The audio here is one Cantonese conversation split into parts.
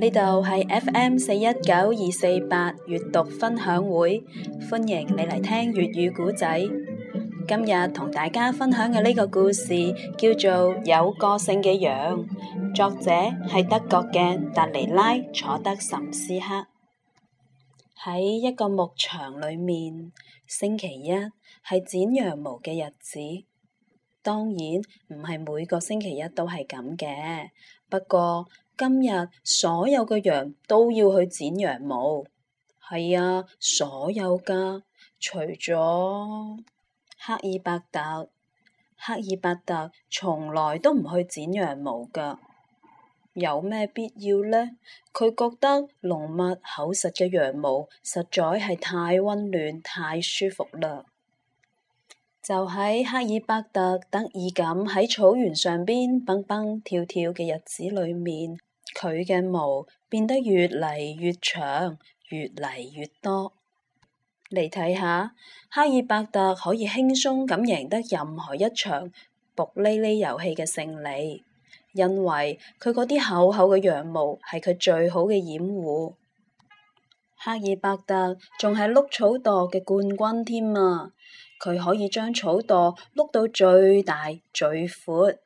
呢度係 FM 四一九二四八閱讀分享會，歡迎你嚟聽粵語故仔。今日同大家分享嘅呢個故事叫做《有個性嘅羊》，作者係德國嘅達尼拉·楚德岑斯克。喺一個牧場裏面，星期一係剪羊毛嘅日子。當然唔係每個星期一都係咁嘅，不過。今日所有嘅羊都要去剪羊毛，係啊，所有噶，除咗赫爾伯特，赫爾伯特從來都唔去剪羊毛噶。有咩必要呢？佢覺得濃密厚實嘅羊毛實在係太溫暖、太舒服啦。就喺赫爾伯特得意咁喺草原上邊蹦蹦跳跳嘅日子裏面。佢嘅毛變得越嚟越長，越嚟越多。你睇下，哈爾伯特可以輕鬆咁贏得任何一場卜哩哩遊戲嘅勝利，因為佢嗰啲厚厚嘅羊毛係佢最好嘅掩護。哈爾伯特仲係碌草垛嘅冠軍添啊！佢可以將草垛碌到最大最闊。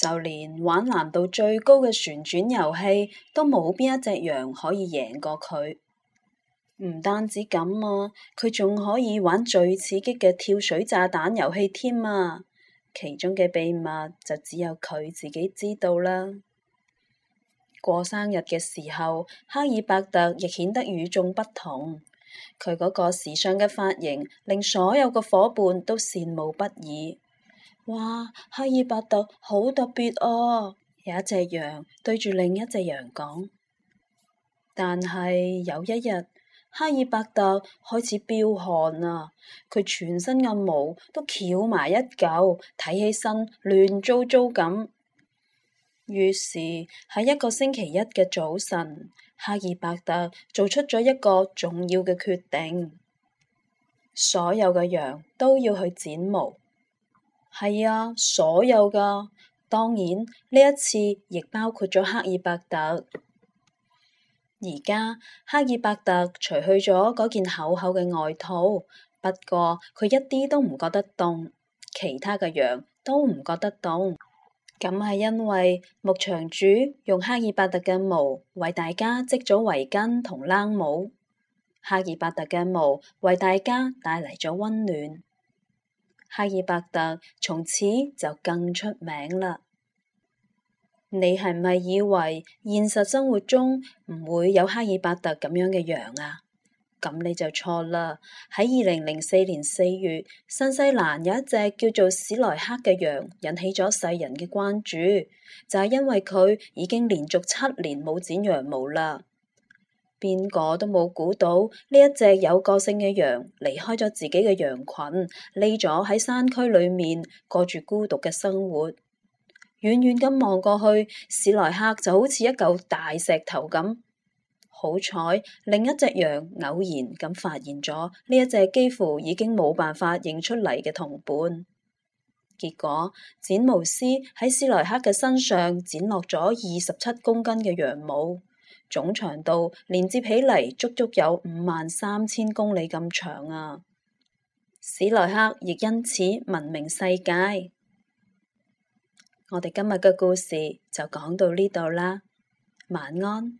就連玩難度最高嘅旋轉遊戲，都冇邊一隻羊可以贏過佢。唔單止咁啊，佢仲可以玩最刺激嘅跳水炸彈遊戲添啊！其中嘅秘密就只有佢自己知道啦。過生日嘅時候，赫爾伯特亦顯得與眾不同。佢嗰個時尚嘅髮型，令所有嘅伙伴都羨慕不已。哇！赫爾伯特好特別哦、啊，有一隻羊對住另一隻羊講。但係有一日，赫爾伯特開始飆汗啦，佢全身嘅毛都翹埋一嚿，睇起身亂糟糟咁。於是喺一個星期一嘅早晨，赫爾伯特做出咗一個重要嘅決定：所有嘅羊都要去剪毛。係啊，所有噶，當然呢一次亦包括咗赫爾伯特。而家赫爾伯特除去咗嗰件厚厚嘅外套，不過佢一啲都唔覺得凍，其他嘅羊都唔覺得凍。咁係因為牧場主用赫爾伯特嘅毛為大家織咗圍巾同冷帽，赫爾伯特嘅毛為大家帶嚟咗温暖。哈爾伯特從此就更出名啦。你係咪以為現實生活中唔會有哈爾伯特咁樣嘅羊啊？咁你就錯啦。喺二零零四年四月，新西蘭有一隻叫做史萊克嘅羊引起咗世人嘅關注，就係因為佢已經連續七年冇剪羊毛啦。邊個都冇估到，呢一隻有個性嘅羊離開咗自己嘅羊群，匿咗喺山區裏面，過住孤獨嘅生活。遠遠咁望過去，史萊克就好似一嚿大石頭咁。好彩，另一隻羊偶然咁發現咗呢一隻幾乎已經冇辦法認出嚟嘅同伴。結果，剪毛師喺史萊克嘅身上剪落咗二十七公斤嘅羊毛。總長度連接起嚟，足足有五萬三千公里咁長啊！史萊克亦因此聞名世界。我哋今日嘅故事就講到呢度啦，晚安。